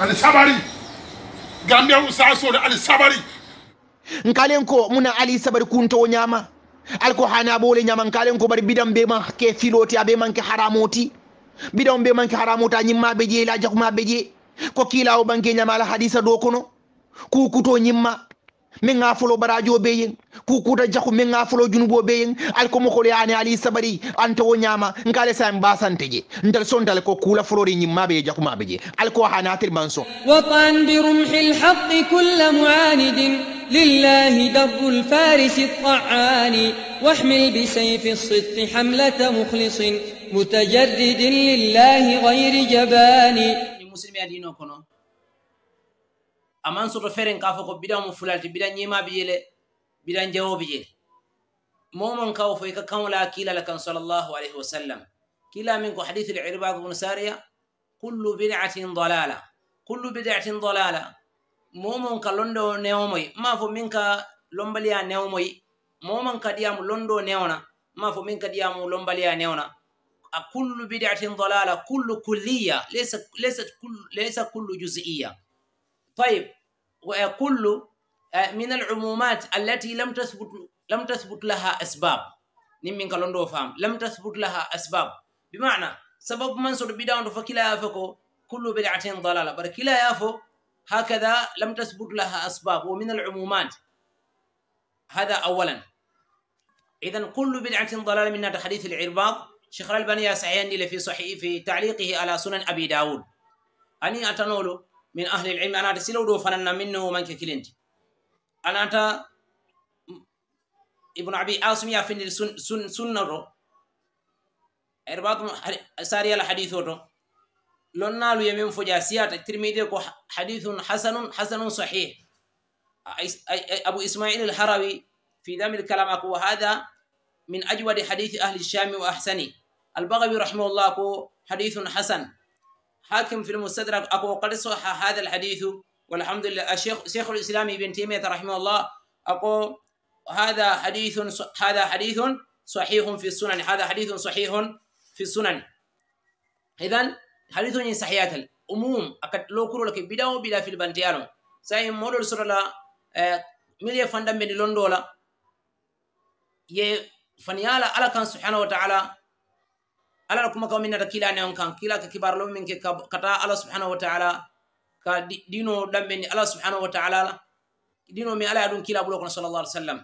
Ali Sabari Gambia usasole Ali Sabari nkalen ko muna Ali Sabari kunto nyama alko hana bole nyama nkalen ko bari bidam be ke filoti abe manke haramoti bidam be manke haramoti nyimma be je la jakuma be je ko kila o banke nyama la hadisa do kono kukuto nyimma من غافلو براجو بين كوكو تجاكو من غافلو جنوبو بين الكو مخولي آني علي سبري أنتو نياما نكالي سايم باسان تجي نتلسون تلكو كولا فلوري نيما بي جاكو ما بيجي الكو حاناتي المنسو وطن برمح الحق كل معاند لله در الفارس الطعان واحمل بسيف الصدق حملة مخلص متجرد لله غير جبان مسلمي أدينو كنو aman soto feren ka fo ko ɓiɗan mo fulalti ɓiɗan ñimaɓe yele ɓiɗan jawoɓe yele momon kawo foy ka e kamola kilala kan salllahu alayhi wa sallam kila min ko hadithul irbag bnu saria kullu bidatin dalala kullu bidatin dalala momon ka londo newmoy ma fo min ka lombaliya newmoy momon ka ɗiyamo londo newna ma fo min ka ɗiyamo lombaliya newna a kullu bidatin dalala kullu kulliya leysa kullu jusiiya طيب ويقول آه، من العمومات التي لم تثبت لم تثبت لها أسباب نمين كالوندو فام لم تثبت لها أسباب بمعنى سبب منصر بداون فكلا يافكو كل بدعة ضلالة بركلا يافو هكذا لم تثبت لها أسباب ومن العمومات هذا أولا إذا كل بدعة ضلالة من هذا حديث العرباض شيخ الباني سعيان في صحيح في تعليقه على سنن أبي داود أني أتنولو من أهل العلم أنا تسلو دو فننا منه من ككلنت أنا تا ابن أبي عاصم يا فين سن سن سن رو إرباط ساري الحديث حديثه رو لون نالو يمين فجاسيات الترمذي كو حديث حسن حسن صحيح أبو إسماعيل الحروي في ذم الكلام أكو هذا من أجود حديث أهل الشام وأحسنه البغوي رحمه الله أكو حديث حسن حاكم في المستدرك أبو قد هذا الحديث والحمد لله الشيخ شيخ الإسلام ابن تيمية رحمه الله أقول هذا حديث هذا حديث صحيح في السنن هذا حديث صحيح في السنن إذا حديث صحيح الأموم أكد لو كرو لك بدا وبدا في البنتيانو modol مولو eh, milie ملي ni londola ye faniyala فنيالا على كان سبحانه وتعالى alaa kuma kam minnata kilane on kan kila ka kibarlo min ke kata allah subhanahu wa taala ka dino ɗamɓe ni allah subhanahu wa taala dino min ala ya ɗum kila ɓulo kono sal llah alih sallam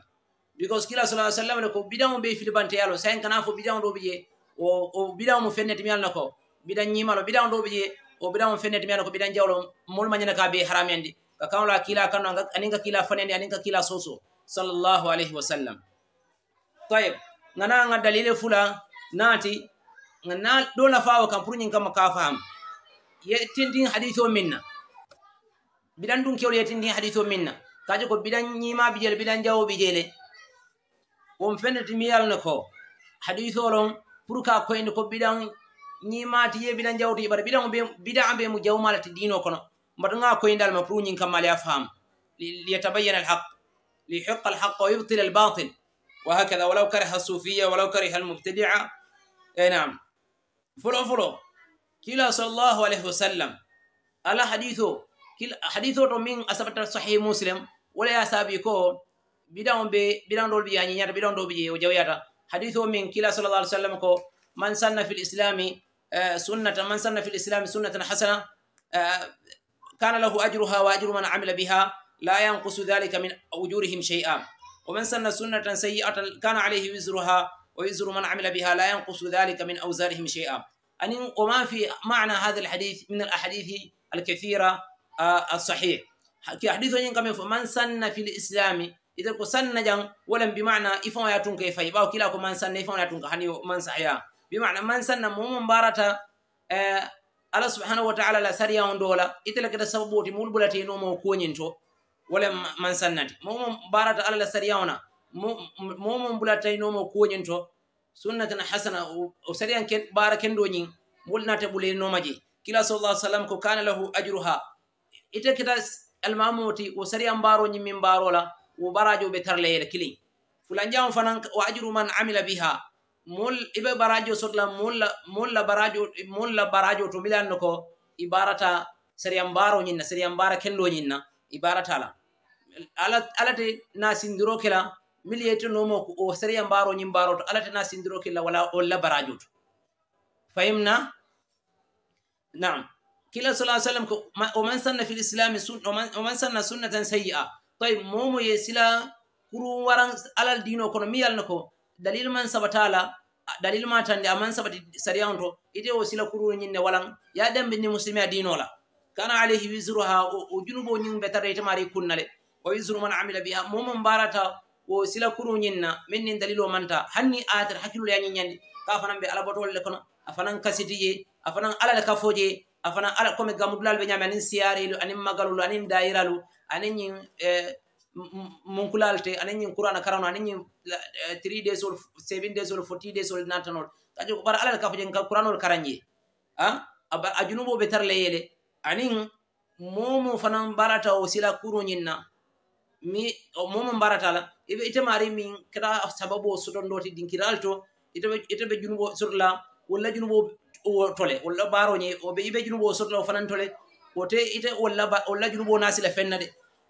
because kila sal ah sallam ɗe ko ɓiɗamo ɓe filbante yalo sain kana fo ɓiɗamo ɗo ɓije o ɓiɗamo fennete mi alno ko ɓiɗan ñimalo ɓiɗamo ɗo ɓije o ɓiɗamo fennete mi alno ko ɓiɗan jawlo molma ñana ka ɓe haram yandi ka kanola kila kanno anin ka kila fanendi anin ka kila soso sallllahu alayhi wa sallam tayib ngana nga dalile fula naati na ɗo nafawa kam pour ñin kamma ka faam yettindin hadise o minna biɗan ɗum kewol yettindin hadise o minna kaji ko biɗan ñima bijele biɗan jawo bijele won fenditi miyalno ko hadise olon pour ka koyni ko biɗan ñimati ye biɗan jawto yiɓata biɗan biɗan ɓe mo jawmalati ɗino kono mbatoga koyndal ma pour ñin kammaalya faam liyatabayana alhaq lihiqa alhaq wa yubtila albatil wa hakada walaw kariha alsufiya walaw kariha almubtadia e nam fɔlɔ fɔlɔ kila sallallahu alaihi wasallam ala haditho kila haditho to min asabata sahih muslim wala ya sabi ko bidan be bidan dol biya nyar bidan dol biye o jawiyata haditho min kila sallallahu alaihi wasallam ko man sanna fil islami sunnatan man sanna fil islami sunnatan hasana كان له أجرها وأجر من عمل بها لا ينقص ذلك من أجورهم شيئا ومن سن سنة سيئة كان عليه وزرها ويزر من عمل بها لا ينقص ذلك من أوزارهم شيئا أن وما في معنى هذا الحديث من الأحاديث الكثيرة آه، الصحيح حديث ينقم من سن في الإسلام إذا سن جن ولم بمعنى إفن ياتون كيف يباو كلاكم من سن إفن ياتون كهني من صحيا بمعنى من سن مهم مبارة آه، الله سبحانه وتعالى لا سريا وندولا إتلا كده سببوتي مول بلاتي نومو كونينتو ولم من سنتي مهم مبارة الله سريا وندولا momon bula taynomo koñen to sunnatan hasana o sariyan ɓara kendoñin wolnata ɓulenomaje kila sal lah sallam ko kana lahu ajru ha ite keta almamoti o sariyan mbaroñin min mbarola wo barajoo ɓe tarlayel kilin fulanjamo fana o ajru man amila biha mol iɓe barajo sotla molla molla barajo molla barajo to milanno ko i barata sariyan mbaroñinna sariyan mbara kendoñinna i baratala alate nasindirokela mil yettinomo ko o sariya mbaro ñim mbaro to alatana sindiro killa wala o labarajoto fahimna nam kila sa sallam ko o man sanna fil islami o man sanna sunnatan sayi a toy momo ye sila kurum waran alal dino kono miyalna ko dalil man sabatala dalil ma tande aman sabati sariya on to ite o sila kuru ñinne walan ya dembe ni muslimi a dinola kana alayhi wisru ha o junubo ñimbe tareytemari kunnale o wisru man amila biha momo mbarata wo sila kuru ñinna min nin dalilo manta hanni atere hakkilol yañiñandi ka fanan ɓe alabatol le kono a fanan kasiti ye a fanan alal kafoje a fanan ala comme gamudulal ɓe ñame anin siyarelu anin magalulu anin dayiralu anin ñin eh, munkulalte anin ñin kurana karano anin ñin eh, tri desol sevin desol foti desol natanol kaƴo ko ɓara alal kafoje kuranol karañe a a junuboɓe tarle yele anin momu fanan ɓarata o sila kuru ñinna mi momo mbaratala ɓe ite mari min kata sababu o sotondoti dinkiral to iteɓe junubo sotla walla junubo o tole walla baroñe oɓe iɓe junubo o sotla o fanan tole ote ite walla junubo na sila fenna de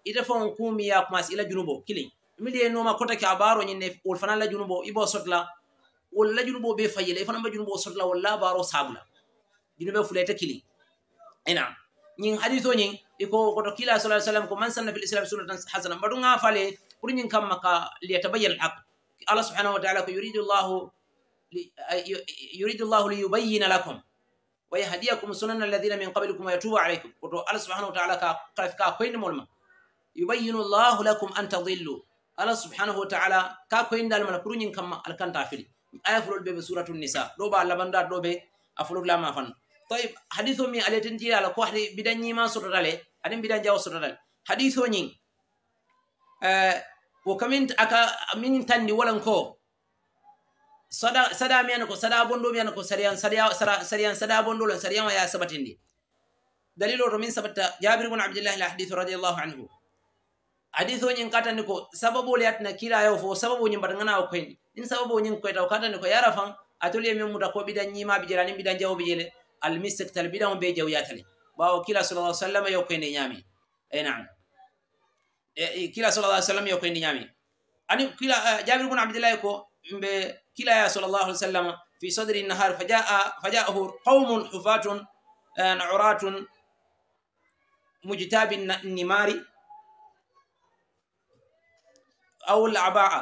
ite fon kumiya kumas ila junubo kilin mili e noma kotake a baroñe ne wol fana la junubo iɓo sotla walla junubo ɓe fayila ifanaɓe e junubo sotla walla baro sabula junuɓe fulete kili ina ñin hadiseo ñin iko koto kila sa sallam ko man sanna fil islam sunnatan hasana mbaɗu ga fale ɓuri ñin kamma ka liya tabayyana lhaq allah subhanahu wa taala ko yuridu llahu liyubayyina lakum wa yahdiyakum sunana alladina min qablikum wa yatubu alaykum koto allah subhanahu wa taala ka kalafi ka koynimolma yubayyinu llahu lakum an tadillu allah subhanahu wa taala ka koyndalmana ɓuri ñin kamma alkanta fili aya fulol ɓeɓe suratu nisa ɗo ɓa labandat ɗo ɓe a fulotlama fanno toy hadis o mi aletentiyala ko bidañima sototale aɗen mbiɗa jawsotoɗan haɗisoñin eh, wo kamin aka min tanni walan ko sada sada mi an ko sada bondo mi an ko sariyan sariya sariyan sada bondo lon sariyan wa ya sabatindi dalilo to min sabatta jabir ibn abdullah al hadith radiyallahu anhu hadith wonyin katani ko sababu liyatna kila yo fo sababu nyin badangana ko en in sababu nyin ko taw katani ko yarafan atoliye min muta ko bidan nyima bijirani bidan jawo bijele al mistak tal bidan be jaw yatali ɓaawo kila sal lah sallam yokoyde ñaami ey nam e, e, kila sal lah sallam yokoyde ñaami ani kila eh, jabir bun abdillahi ko ɓe kilaya sal llah alih sallam fi sadri nahar fajaahu qawmun hufatun eh, an uratun mujtabi nimari aw laba'a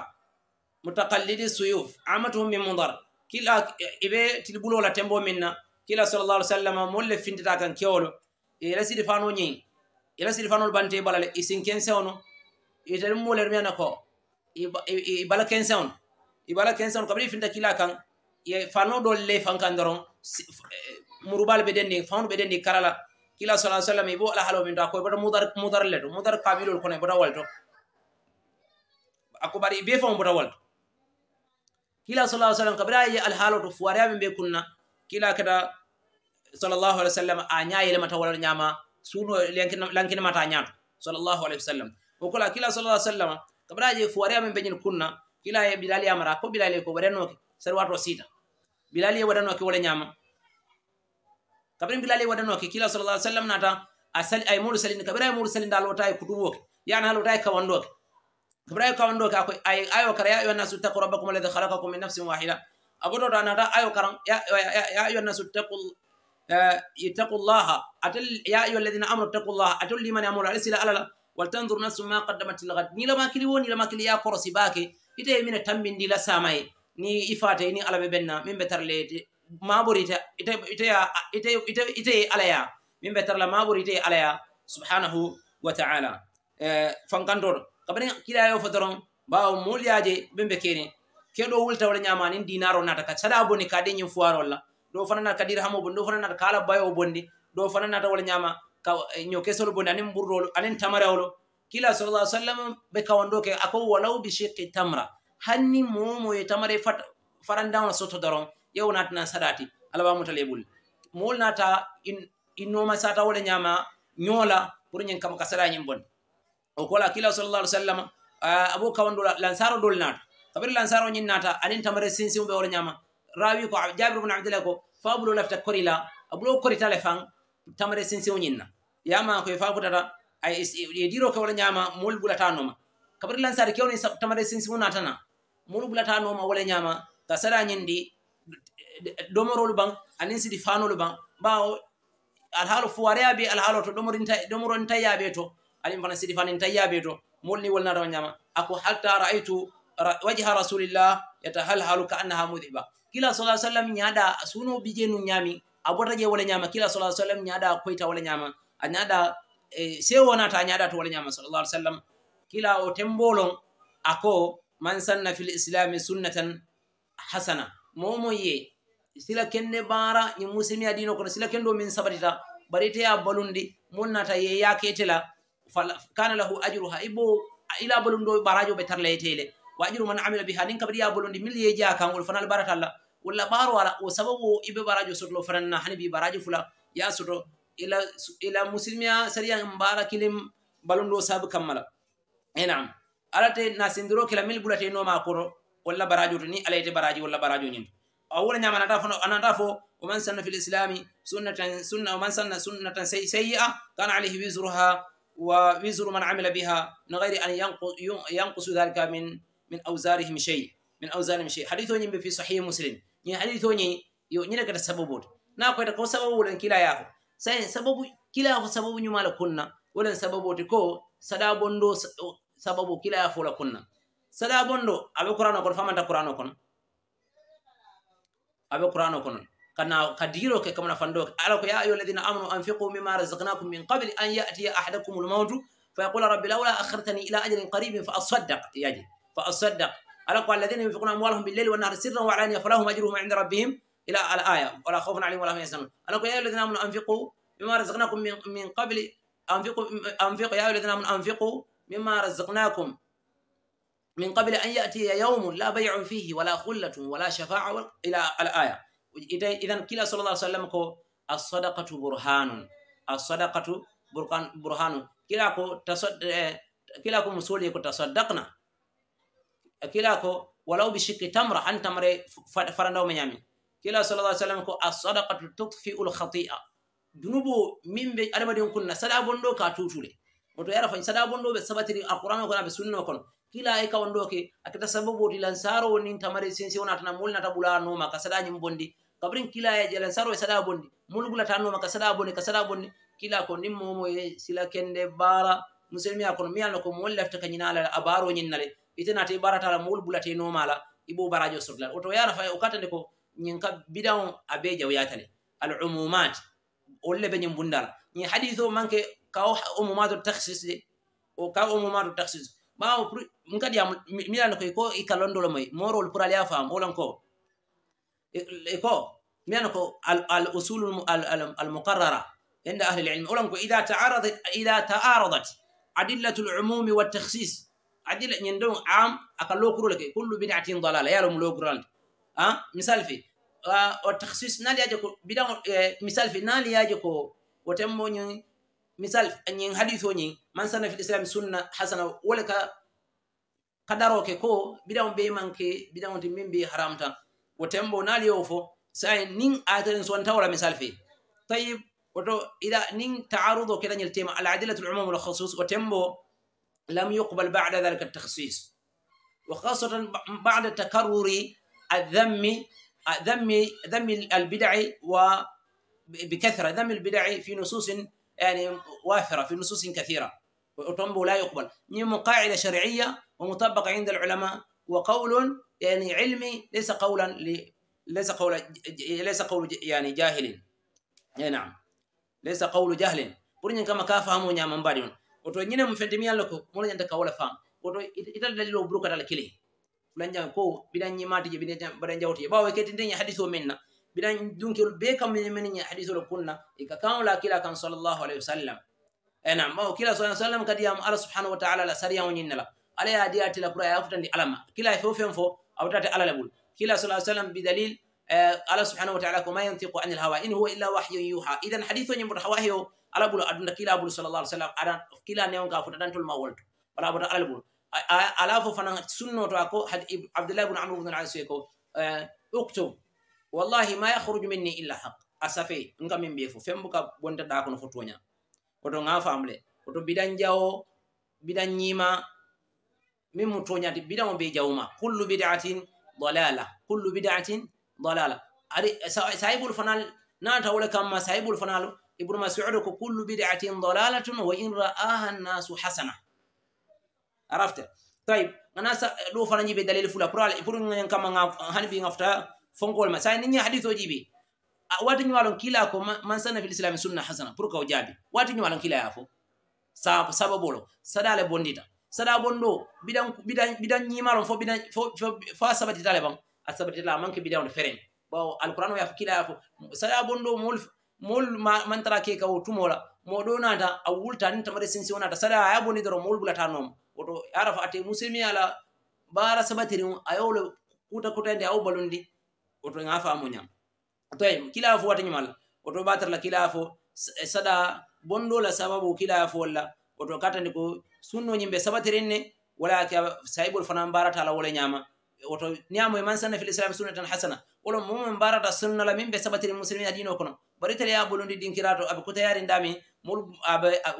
mutakallidi suyuf amatuhum min mudar kila e, iɓe tilɓulola tembo min na kila sal llah alih sallam molle findita kan kewolo resiri fano ñiŋ i resiri fanolu banta i bala le i sin kenseŋono itani e muleru miŋ na ko i bala kenseŋono i bala kenseŋono kabiri i finta kila kaŋ ye fano dolu le faŋ kaŋ doroŋ e, murubalu be dendi faŋolu be dendi kara la kila sala sallam i e be alahalo min to a ko i bota mudar le to mudar kabilolu kono i bota wolu to ako bari i be faŋo bota wolu to kila sala sallam kabiri a ye alhalo to fuwariya miŋ be kunna kila kata sallallahu alih wa sallam a ñayilema taw walaɗo ñama suuno lankinemata ñaato sallallahu alayhi wa sallam okola kila sallah ah sallam kabaraje fo wari amen beñen kunna kila e bilali yamara e e ko bilali ko warenoke sar wato siita bilali e waɗanoke wala ñama kabaren bilali waɗanoke kila sallah ah sallam nata aay moɗo salini kabara e moɗo salinda lota e kutuboke yana ha lota e kawandoke kabara e kawandoke ako ay ayo kara ya yuannasu ittaku rabbakum alladi halakakum min nafsin wahida a gotota nata ayo karan ya yuannasu ittaku Eh, ittaqullaha ya ayuha alladina amanu ittaqullaha atol limani amanu alasila alala waltanzur nafsu ma qaddamat ilgad nilamakili wo nilamakili ya korosi baake ite mine tambindila samaye ni ifate ni ala ɓe ɓenna min ɓe tarle maɓori iteye alaya min ɓe tarla maɓori iteye alaya subhanahu wa taala eh, fankantoɗo kabari kilayo fo toron bawa moliyaje ɓen ɓe kene keɗo wultawla ñamanin dinaro nataka saɗa boni ka ɗeñin fowarolla ɗo fananata kadir hamo bonde ɗo fananata kala bayowo bonde ɗo fananata wala ñama ño eh, kesol bonde anen ɓurrolo anen tamarawlo kila sallah sallam ɓe kawando ke ako walaw bi sheki tamra hanni momoye tamare farandawna soto daron yewo natana saɗati alawamutalebul mowol nata innoma sata wala ñama ñoola pour ñen kama ka saɗañen bonde o kola kila sallah ali sallam abo kawando lansaro dol nata kabir lansaro ñin nata anen tamare sensimuɓe wala ñama rawi ko jabir bne abdillah ko faabulo lafita korila abulo koritale fan tamare sensew ñinna yama koye faabutata aye diro ke wala ñama moolu bulatanoma kabari lansari kewni tamare sensew natana moolu bulatanoma wala ñama ka sara ñindi domorolu ban anin sidi fanolu ban bawo alhaalo fuwareya be alhaalo to domoro ni tayya be to alin fana sidi fani ni tayya be to moolu ni wolnatama ñama ako hatta raaytu wajha rasulillah yatahalhalu ka annaha mudiba kila sala sallam da suno bije nun nyami abota je wala nyama kila sala sallam nyaada koita wala nyama anyada e, wona ta da to wala nyama sallallahu alaihi wasallam kila o tembolon ako man sanna fil islam sunnatan hasana momo ye sila kenne bara ni muslimi adino kono sila kendo min sabatita barite ya balundi mun nata ye ya ketela kana lahu ajruha ibo ila balundo barajo be tarla yetele waɗiru man amila bi hanin kabaɗi yabolondi milliyeji ha kangol fana ala barat allah walla ɓaro ala o sababu ibe barajo sotolo fananna hani bi baraji fula ya soto ila ila musilmia saria mbara kilim balondo sabu kammala enam alate na sindiro kila mil bulate no ma koro walla baraji to ni alayte baraji walla baraji o ñinto a wura ñama anata fo anata fo o man sanna fil islami sunnatan sunna o man sanna sunnatan sey sey a kana alayhi wisruha wa wisru man amila biha no gayri an yanqusu dalika min min ausarihim shey min ausarihim shey haditho ñimɓe fi sahihi muslim ñi haditho ñi yo ñinegata sababude na koyta ko sababuɗen kila yaako sai sababu kila ko sababu ñumala kunna wolen sababude ko saɗa bonɗo sababu kila yafola kunna saɗa bonɗo aɓe kurano kon famanta kurano kon aɓe kurano kon kana ka diroke kamana fandoke ala ko ya ayu alladina amanu anfiqu mima razaknakum min qable an yatiya ahadakum lmautu fa yaqula rabbi laula akhartani ila ajalin qaribin fa asaddak yaji فأصدق ألم قال الذين ينفقون أموالهم بالليل والنهار سرا وعلانية فلهم أجرهم عند ربهم إلى الآية ولا خوف عليهم ولا هم يحزنون ألم يا أيها الذين آمنوا أنفقوا مما رزقناكم من من قبل أنفقوا أنفقوا يا أيها الذين آمنوا أنفقوا مما رزقناكم من قبل أن يأتي يوم لا بيع فيه ولا خلة ولا شفاعة إلى الآية إذا كلا صلى الله عليه وسلم كو الصدقة برهان الصدقة برهان كلا كو تصد إيه، كلا كو مسؤولية كو تصدقنا kila ko walaw bi sikki tamra han tamre farandaw me ñami kila sala ah sallam ko a sadakatu tutfiu l khatia dunubo min ɓe adamadin kunna sada bonɗo ka tutule woto yara fay sada bonɗo ɓe sabatiri alqurano kona ɓe sunno kono kila e ka wondoke a keta sababoti lansaro woni tamari sinsi wonatana molnata ɓula noma ka saɗañim bondi kabrin kila je lansaro e saɗa bondi molgulata noma ka saɗa bondi ka saɗa bondi kila ko nin momo e sila kende bara musilmiya kono mi yalno ko mo lefta kañinalal a baroñinnale itenate baratala mowol bulate nomala ibobarajo soglal oto yana fay o katande ko ñinka bidao a bejaw yatale alumumat olle beñin bundala ñi hadise o manque ka omumato taxis de o ka omumato taxis bawo pour nkadiyam milan koy ko i e e kalondolo moy morol pour alia fam olanko ko e, miyana ko al usul almuqarrara inde ahli lilmi olanko ida taaradat ida taaradat adillatu lumumi wa taxis adila ñendon am aka lokurol ke kullu bidatin dalala yalom lokurande a misal fe o taxsis nali yaje ko bidan e, misal fe nali yaje ko wotembo ñin misal ñin hadiseo ñin man sana fil islam sunna hasana wole ka ka daroke ko bidan be manke bidanti min be haram tan wotembo nali yeo fo sai nin atarin son tawra misal fe tayib woto ida nin taarudo kedañel tema al adilatul umum al khusus wotembo لم يقبل بعد ذلك التخصيص وخاصة بعد تكرر الذم ذم ذم البدع و بكثره ذم البدع في نصوص يعني وافرة في نصوص كثيرة وتنبو لا يقبل من قاعدة شرعية ومطبقة عند العلماء وقول يعني علمي ليس قولا لي ليس قولا ليس قول يعني جاهل نعم ليس قول جهل برين كما كافهم من بعدهم oto ñine mo fente miyalla ko mono ñanta ka wala fam oto itala dalilo burkata la kile fulan jam ko bidan ñi mati je bidan bidan jawti ba way e ketinde ñi hadiso menna bidan dunki be kam men men ñi hadiso lo kunna e ka kan la kila kan sallallahu alaihi wasallam e na ma kila sallallahu alaihi wasallam kadiyam ala subhanahu wa ta'ala la sariya on ñinna la ala ya diya tila pura ya futandi alama kila e fo fem fo awtata ala labul e kila sallallahu alaihi wasallam bi dalil ala subhanahu wa ta'ala ko ma yantiqu anil hawa in huwa illa wahyun yuha idan hadiso ñi mo hawa heo ala bulu aduna kila bulu salallah alih sallam aɗan kila newonka fo aɗantol ma wolto wala bota ala bulu ala fo fana sunnoto a ko hadi abdoullah ibne amr ibne alasi ko eh, uktum wallahi ma yahruju minni illa haq a safe nka min mbiye fo fembo ka bontaɗa kono fo toña koto ga famle koto biɗan jawo biɗan ñima min mo toñati biɗan o be jawma kullu bidatin dalala kullu bidatin dalala aɗi sahibul fanal nata wole kamma sahibul fanalo ibnu masudo ko kullu bidatin dalalatun wa in raaha nnasu hasana arafte tayib ana ɗo fana jiɓe dalil fula pour pour kama hani ɓi gafta fonkol ma sai niñi hadis o jiɓi wati ñuwalon kila ko man sanna fil islami sunna hasana pour ka o jaabi wati ñuwalon kila ya fo sababolo saɗale bondita saɗa bonɗo biɗan biɗan ñimalon fo fo a sabatitale ban a sabatitala manke biɗan o fereñ bawo alquran o yafo kila ya fo saɗa bonɗo mol mool mantara keka o tumola mo ɗo nata a wulta ni tamare sensi o nata saɗa aya boni doro mool bulata nooma woto arafa ate musemi ala baara sabatiri a yowle kuta kutande awo balundi woto ga faamo ñam toye kila fo watañumala woto ɓatarla kila fo e saɗa bondola sababu kila folla woto katani ko sunno ñimɓe sabatirin ne wala ka sayibol fana baratala wole ñama woto niyamo e man sanna fil islam sunnatan hasana olon momin mbarata sunnala min ɓe sabatiri musulmin adino kono baritere ya ballundi ɗinkirato aɓe kuta yarindami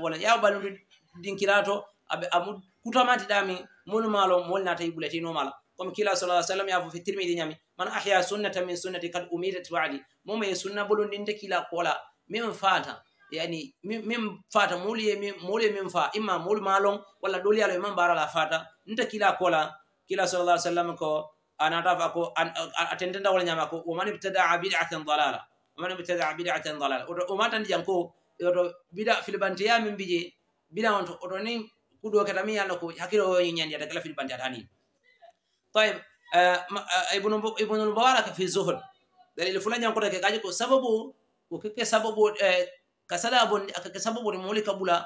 wala ya ballundi ɗinkirato aɓe amu kutamatiɗami molumalo molna tawi ɓuleteinomala comme kila salah sallam yafo fe tirmidi ñami man ahya sunnata min sunnati kad umidat waadi momo ye sunna ballundinde kila kola min fata yani min fata moluye moluye min fa imma molumalon walla ɗoliyalo e man mbarala fata nta kila kola kila salah sallam ko anatafako atentendawol ñamako waman ibtadaa bidatan dalala waman ibtadaa bidatan dalala oto omatandiyanko oto bida filibantiya min mbije bida onto oto ni kuɗo keta mi yanoko hakkiloñaniyata kala filibantiyata hani taib eh, eh, ibnulmobaraka fi zuhul dalil fulañankota ke kaje ko sababu ko keke sababu eh, ka sada bondi akake sababude moli kabula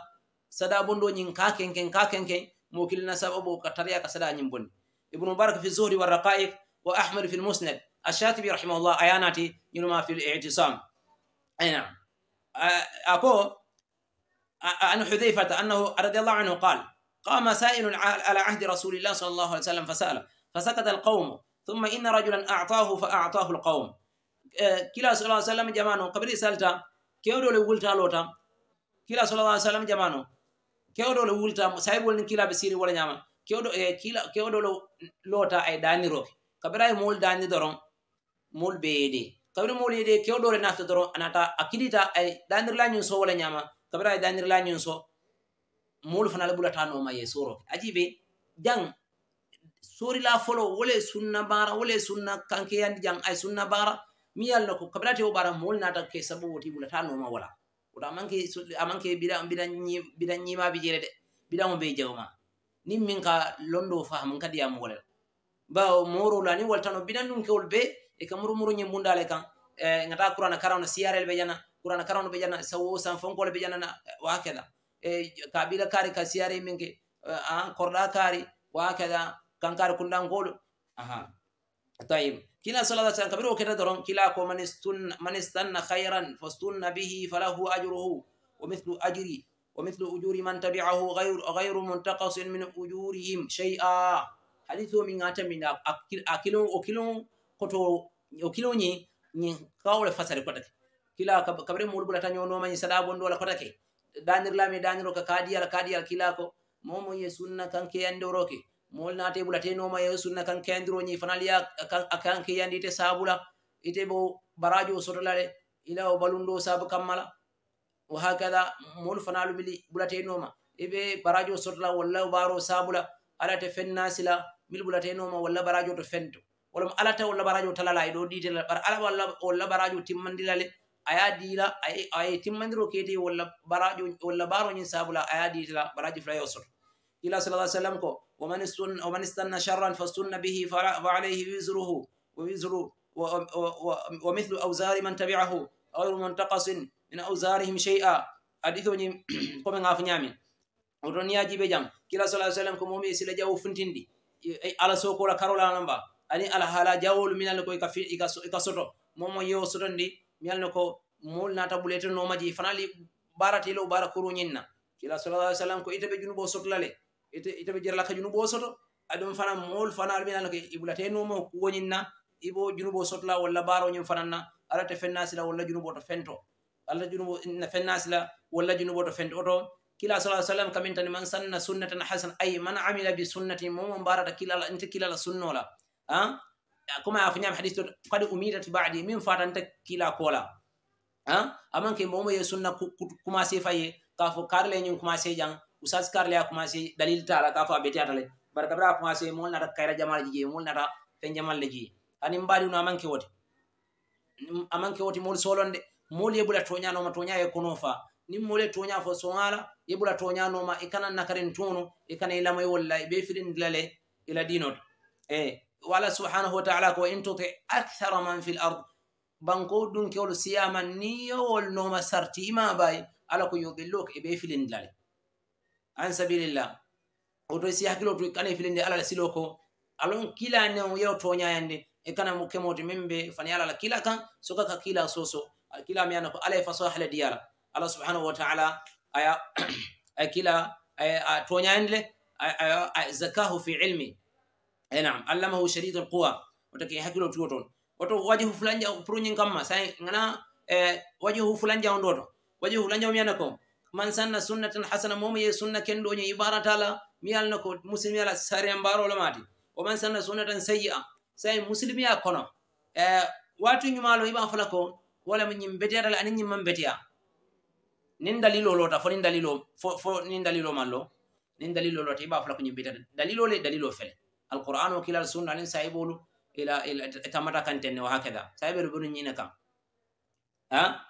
sada bondoñin ka kenken ka kenken mo kilina sababu ka tariya ka sada ñin bondi ابن مبارك في الزهد والرقائق واحمد في المسند الشاطبي رحمه الله اياناتي ينما في الاعتصام اي نعم اكو عن حذيفه انه رضي الله عنه قال قام سائل على عهد رسول الله صلى الله عليه وسلم فسال فسكت القوم ثم ان رجلا اعطاه فاعطاه القوم كلا صلى الله عليه وسلم جمانو قبل سالتا كيودو لولتا لوتا كلا صلى الله عليه وسلم جمانو كيودو لولتا سايبول كلا بسيري ولا جمانه kewɗo eh, loota ay daniroɓe kabira e mool dani doron mool be yede kabira mool yede kewɗore nafta doron anata a kidita ay danir lañun so wala ñama kabira ay danir lañun so mool fanala ɓulata noma yesoroɓe aji ɓe jang sorila folo wole sunna bara wole sunna kankeyandi jang ay sunna bara mi yalno ko kabira tewo ɓara mool nata ke sabu woti ɓulata noma wala oto amanke amanke bida bida ñima bijere de bidamo be jawma niŋ miŋ ka londoo faham e ka diyaamu wo le la bawo moorol aniŋ wolu tano bina nunkewolu bee i ka murumuru ñiŋ bunda le kaŋ ŋa e taa kurana karaŋo na siyarel be jana kurana karaŋo be jana sawo sanfonko le be jana na waakeda e kabila kaari ka siyare miŋ ke korda kaari waakeda kankaari kundankoolu tayib kila sala sallam kabiri wo keta doroŋ kila ko man istanna khayran fastunna bihi falahu ajruhu wa mithlu ajri ومثل أجور من تبعه غير, غير منتقص من أجورهم شيئا حديث من تمن كلوني قول فسر كتك كلا كبر مولبلت نوما سلابوندول كتك danirlami daniro ka kadiyal kadiyal kilako momo ye sunna kanke yandoroke mol nate bulate noma ye sunna kanke yandiro ñi fanaliya kanke yandite sabula ite bo barajo sotolale ilao balundo sabu kammala wahakada moolu mm-hmm. fana lumili bulatenoma eɓe barajo sotola walla baro sabula alate fen nasila mil bulatenoma walla barajo to fento walam alata walla barajo talala e ɗo ditelal bar ala walla walla barajo timmandilale aya dila aye timmandiro kede walla barajo walla baroñin sabula aya ditela baraji flayo soto ila sala lah sallam ko waman istanna sharran fastunna bihi fa alayhi wisruhu wisru wa mithlu ausari man tabi'ahu gayru muntakasin min ausarihim chey a aɗitoñi komi gafo ñami oɗon niya jibe jam kila sa sallam ko momi e sila jawo funtindi e ala sokora karolano mba ani ala hala jawol minalno ko ika e soto momo yewo sotondi miyalno ko mol nata ɓulete nomaji fanali baratelo bara koruñinna kila sa sallam ko itaɓe junubo sotolale itaɓe jiralaka junubo soto aɗum fana mol fana minalno ko iɓulate nomo woñinna ibo junubo sotola walla baroñum fananna alata fenna sila walla junubo to fento allah junubo na fennasila walla junubo to fende oto kila sa sallam kamin tani man sanna sunnatan hasana ay man amila bi sunnati momo mbarata kilala nte kilala sunnola a comme a fañama hadis to kadi umidat badi min fata nte kila kola a aman ke momo ye sunna commencé faye ka fo karle ñin commencé jang usas karle a commencé dalil tala ka fo a beti atale bara kabra a commencé mol nata kayra jamal jiye mol nata fen jamal le jiye ani mbadi no amanke wote amanke wote mol solonde moolu ye bula toñanoma toña ye kono fa niŋ moolu ye toña fo soŋala ye bula toñanoma i kana nakariŋ tuunu i kana i lamoyi wolla i be firin dila le i la dino to e wa alla subhanahu wa taala ko in tote akthara man fi l ard banko dunkewolu siyama niŋ yewol noma sarti ima bayi alla ko yogillo ka i be filin dila le an sabilillah woto si hakkilo to kana filindi alla la silo ko alon kila neŋ yeo toñayandi en kana mo kemoje min ɓe fani ala la kila kan soka ka kila soso kila mi ana ko alaye faso hale diyara allah subhanahu wa taala aya ay kila a toñanle zakahu fi ilmi e nam allamahu sharid alquwa wota ke hakkilo tuwo toon woto waji hu fulanja proñin kamma sa gana e waji hu fulanja on ɗoto waji hu fulanja mi ana ko man sanna sunnatan hasana momo ye sunna kendoñi ibarata la mi yalna ko musilmi ala sare mbarolo mati oman sanna sunnatan sayi a say musilimiya kono eh, waatu ñumaalo i ɓan fola ko wolemo ñim beteyata le aniŋ ñim man beteya niŋ dalilo loota fo niŋ dalilo fo fo niŋ dalilo man lo niŋ dalilo loota i ɓa fola ko ñim beteyata dalilo le dalilo fele alqur'ano kilal sunna aniŋ sayiboolu ila ila tamata kanten ne wahakada sayibeelu benu ñiine kaŋ a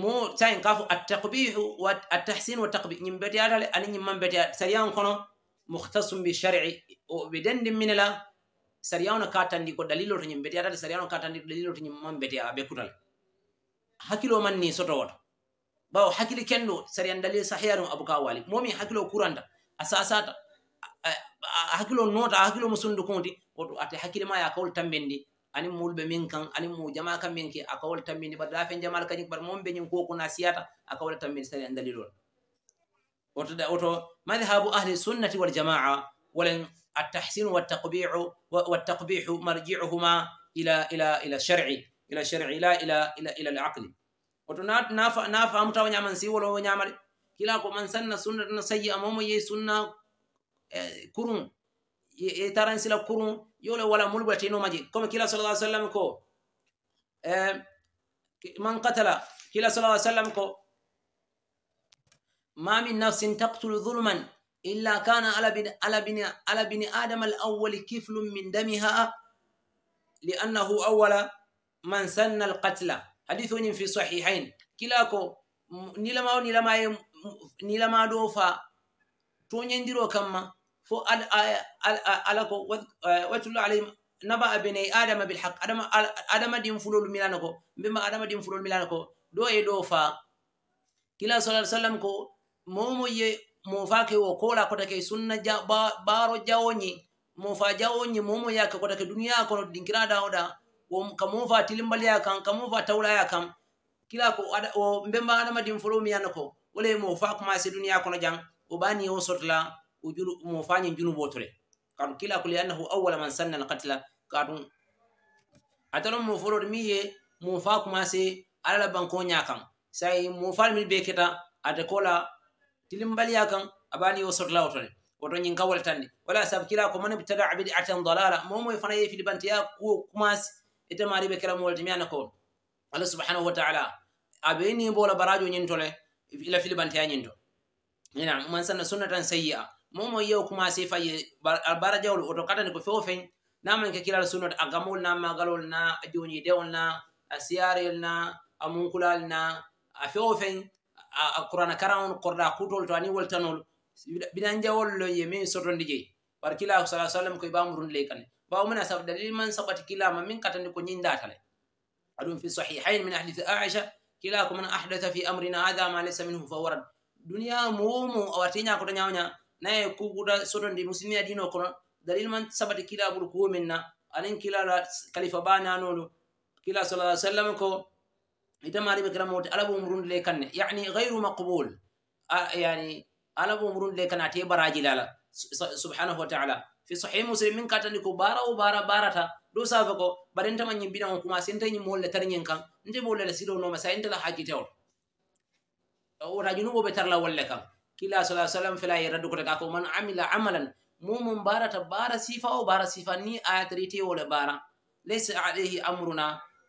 mo sayin ka fo attakbihu wa attahsinu wa takbi ñim beteyata le aniŋ ñim man beteya sariyan kono muhtasum bi chari'i o ɓe dendi mine la sariyano katandi ko dalilo to ñim betiyatale sariyano katandi ko dalilo to nyimma man betiya a ɓe kutale hakkilo soto woto bawo hakili kendo sariyan dalil sahiyaru ɗum abuka wali momin hakkilo kuranta a hakilo nota hakilo musundu mo sundu kunti ate hakili ma ya kawol tambendi ani mulbe min kan anin mo jama kan min ke a kawol tambindi bat lafen jamal kañi bat mon ɓe ñin siyata a tambendi sariyan dalilo dalilol da woto madhhabu ahli sunnati wal jamaa walen التحسين والتقبيح والتقبيح مرجعهما الى الى الى الشرع الى الشرع لا الى الى الى العقل وتنات نافا نافا متى ونيا من سي ولو ونيا مر كلا كو من سن سنه سي امام يي سنه آه، كرون يترن سلا كرون يولا ولا ملبتينو ماجي كما كلا صلى الله عليه وسلم كو آه، من قتل كلا صلى الله عليه وسلم كو ما من نفس تقتل ظلما illa kana ala bini adama al awwali kiflum min damiha li annahu awwala man sanna al qatla hadisuñin fi sahihain kila ko nilama o nilama ye nilama do fa toñendiro kamma fo ala ko eh, watullu alayhim naba abinei adama bilhaq adama din fulolu milana ko mbima adama din fulolu milana ko do e do fa kila sa sallam ko momo ye mo fake o kola kota ke sunna ja, ba, baro jawoñi mo fa jawoñi momo yake kota ke duniya kono ɗinkira dawoɗa ka mo fa tilimbaliya kam ka mo fa tawlaya kam kila ko o mbemba adama din folo miyana ko wolay mo fa commencé duniya kono jang o ɓani o sotola mo fañi junubotore kadum kila ko li annahu awwala man sanna alqatla kadum atalon mo folode mi ye mo fa commencé alala banko ñakam say mo falmin be keta ada kola tilimbaliya kan abani yo sotla otone woto ñin ka wole tanni wala sabu kila ko man btada bidi atan dalala momoy fana ye filibantiya kuo commence itemaribe kiramowolte miyana ko allah subhanahu wa taala abeni bola barajo ñintole ila filibantiya ñinto ina man sanna sunnatan sayya momoy yew commence faye barajawol woto katani ko fewo feñ namanke kilal sunnat a gamol na magalol na a joñi dewol na a siyarel na a munkulal na a fewo feñ qurana kara on korɗa kutol to ani woltanol binanjawollo ye min sotondi jeyi bar kilako sa sallam koye bamurun ley kane bawo mina sab dalil man saɓati kilama min katandi ko ñindatale aɗum fi sahihain min ahdithi aisha kilako man ahdatha fi amrina hada ma laysa minhu fawarad duniya momo awatiña koto ñawña naye kuguta sotondi muslimi adino kono dalil man saɓati kilaɓol komin na anin kilala kalifa banaanolu kila sa sallam ko itamari ɓe gramote ala womrunde le kanne yani gayru maqbul yani ala womrunde le kanne ate baraji lala subhanahu wa taala fi sahih muslim min katani ko bara o bara barata ɗo safa ko badentama ñimbinao kuma sentañimmolle tarñin kan ntebolele silonoma sa entala hakkitewol wota junuɓoɓe tarla wolle kan kila sala sallam felaye raddu kote ga ko man amila amalan momum barata bara sifa o bara sifa ni ayatritewole bara laysa alayhi amruna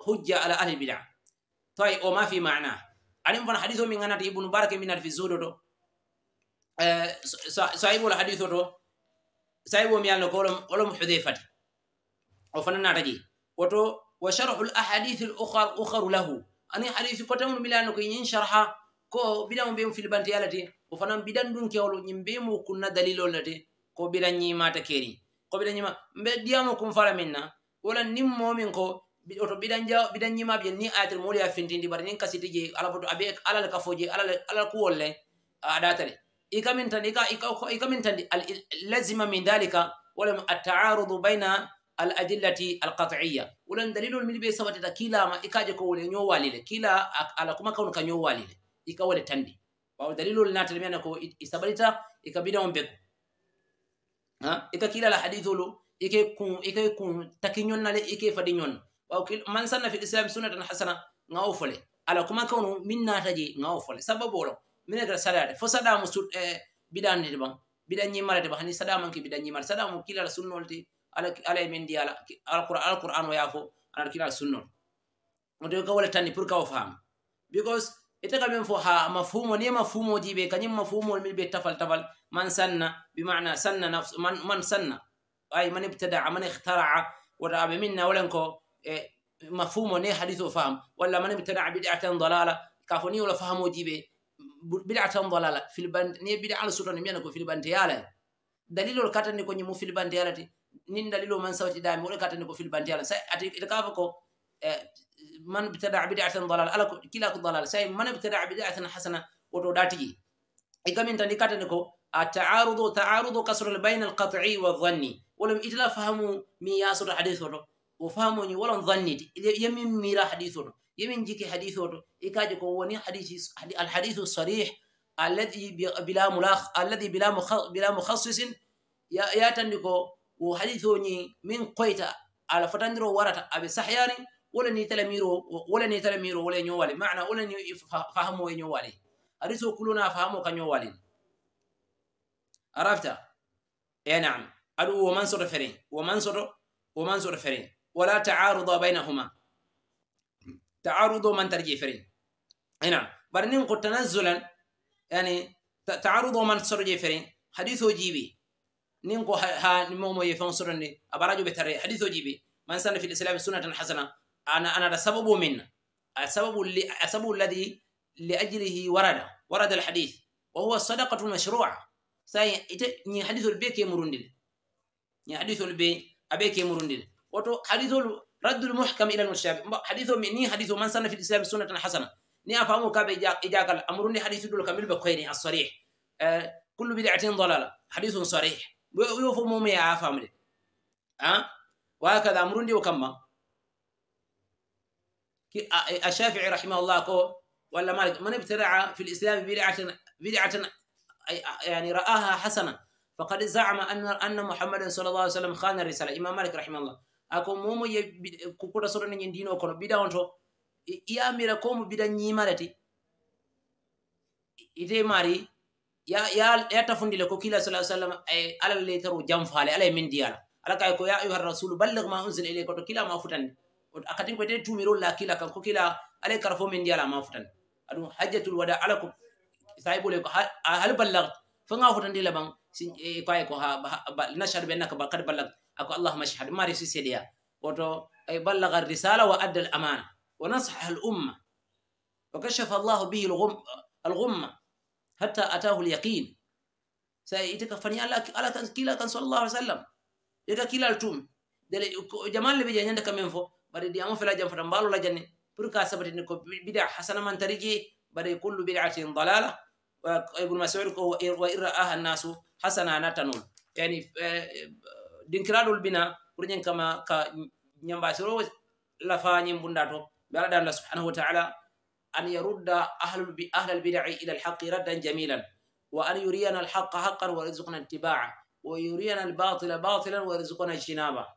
hujja ala ahli bida to ay o ma fi mana anin fana hadis o min ganata ibnu baraka min ata fi zuro to eh, sahibol hadis o to sahibo mi yalno ko olom hudefati o fana nata ji woto wa sharhu lahadis lukharu lahu ani hadis potemun milano ko yin sharha ko bidamo bemu filbante yalate o fana bidan ɗum kewlo ñin bemu kunna dalilol late ko bidan ñimata keri ko bidan ñima mbe ɗiyamo kum fara min na wala nimmomin ko oto ɓiɗanja ɓiɗan ñimaɓe ni ayatel mowli a fintindi bara nin kasiti je alaboto aɓe alal kafoje alal alal kuwol le aɗatare i kamin tan i kamin tandi allazima min dalika walam attaarudu bayna al adillati al qatiya wolan dalilol miɗi ɓe sawatita kilama i kaje ko wole ñowalile kila ala kuma kawn ka ñowalile i ka wole tandi ɓaw dalilol natale mi ana ko i sabalita i ka ɓiɗao begu i ka kila al hadiseolu ike kun ike kun takiñonnale ike fadiñonna man sanna fi islam sunnatan hasana ga o fole ala kuma kawnu min naataji ga o fole sababolo min gra e salade fo sadamu su e biɗanni ɗe ban biɗan ñimmara de ba hani sadamanke biɗan ñimmara sadamu kilala sunnolte ala ala e men ndiyala alqur alquran o ya fo anaɗa kilala sunnol ode ka wala tanni pour ka o faama because ete ka men fo ha mafumo ni e mafumoji ɓe kañum mafumol min ɓe tafal tafal man sanna bimana sanna nafs man, man sanna ay man ibtadaa man ihtaraa wota aɓe minna wolen ko E mafumo ne hadis o faam walla mana mitadaa bidaa tan dalala kafo ni wola fahamoji ɓe bidaa tan dalala filbanni bida ala sutano mbiyana ko filbante yaalae dalilol katani ko ñimu filbante yaalati nin dalilo man sawtiɗami oɗo katani ko filbante yaala sa ati ita kafa ko e, man btadaa bidaa tan dalala ala kila ko dalala sa mana btadaa bidaa tan hasana woto ɗa tigi e gamin tani katani ko ataarudo taarudo kasrol bayne alkatii wa dhanni wolam itala fahamu mi yasoto hadis oto o famoñi walon zanniti yemin mira hadise oto yemin jiki hadise oto ikaji ko woni alhadisu sarih alladi bila mukhasisin yatandi ko o hadise oñi min koyta ala fotandiro warata aɓe sahyani woleni talamiro woleni talamiro wole ñowale mana woleni fahamo e ñowale hadise o kulona fahamo ka ñowalin arafta e nam aɗu womansoto feren womansoto womansoto feren wala taaruda bainahuma taaruda man tarje fere ina bar nin ko tanazzulan yani taaruda man sorje fere hadiso jibe nin ko ha momo ye fon sorne abaraju be tare hadiso jibe man sana fil islam sunnatan hasana ana ana da sababu min asababu li asabu alladhi li ajlihi warada warada alhadith wa huwa sadaqatu mashru'a sai ite ni hadithul be ke murundil ni hadithul be abe ke murundil حديثه رد المحكم الى المشابه حديثه مني حديث من سنه في الاسلام سنه حسنه ني افهمه كاب اجاك امرني حديث دول كامل بخير الصريح آه كل بدعه ضلاله حديث صريح ويوفم مي افهم ها أه؟ وهكذا امرني وكما الشافعي رحمه الله كو ولا مالك من ابتدع في الاسلام بدعه بدعه يعني راها حسنه فقد زعم ان ان محمدا صلى الله عليه وسلم خان الرساله امام مالك رحمه الله ako momo ye eh, kukuta sotone yendino kono ɓiɗa on to yamira komo ɓiɗa yimareti ite mari ya ya ya tafundile ko kila sala sallam ay eh, ala le taru jam faale ala min diyala ala kay ko ya ayuha rasul balligh ma unzila ilayka to kila ma futan akati ko de tumiro la kila kan ko kila ala kar fo min diyala ma futan adu hajjatul wada ala ko saibule ko hal balligh fa nga futan dile bang sin e eh, kay ko ha nashar benna ka bakad balligh أكو اللهم اشهد ما رسيسي سيديا وتو أي بلغ الرسالة وأدى الأمانة ونصح الأمة وكشف الله به الغم الغمة حتى أتاه اليقين سيتك فني الله الله كان كلا كان صلى الله عليه وسلم يك كلا التوم دل جمال اللي بيجي عندك من فوق بعد دي أمو فلا جنب بالو لا جنة بركة سبت إنكم بدع حسنة من ترجي بعد كل بدعة ضلالة ويقول مسعود وإن رآها الناس حسنة نتنول يعني آه، dinkiradol bina pour kama ka ñambasiro lafañin bundato ɓe ala dan la subhanahu wa taala an yarudda ahla bid'i ila alhaq raddan jamilan wa an yuriyana alhaq haqqan wa yarzuqna ittiba'a wa yuriyana albatila batilan wa yarzuqna ijtinaba